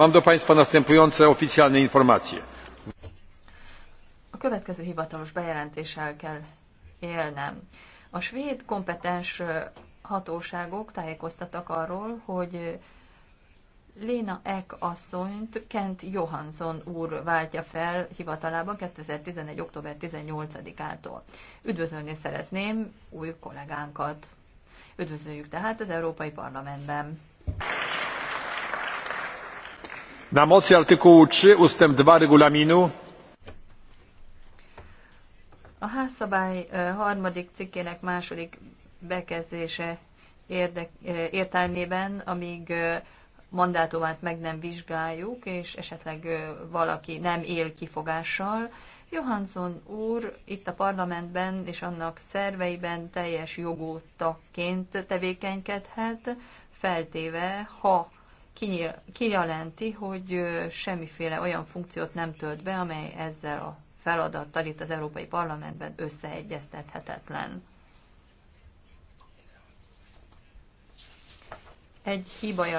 Mam do Państwa następujące oficjalne informacje. A következő hivatalos bejelentéssel kell élnem. A svéd kompetens hatóságok tájékoztattak arról, hogy Léna Ek asszonyt Kent Johansson úr váltja fel hivatalában 2011. október 18-ától. Üdvözölni szeretném új kollégánkat. Üdvözöljük tehát az Európai Parlamentben na mocy artykułu trzy ustęp dwa regulaminu a házszabály e, harmadik cikkének második bekezdése érdek, e, értelmében, amíg e, mandátumát meg nem vizsgáljuk, és esetleg valaki nem él kifogással, Johansson úr itt a parlamentben és annak szerveiben teljes jogú tagként tevékenykedhet, feltéve, ha kijelenti, hogy semmiféle olyan funkciót nem tölt be, amely ezzel a feladattal itt az Európai Parlamentben összeegyeztethetetlen. Egy hiba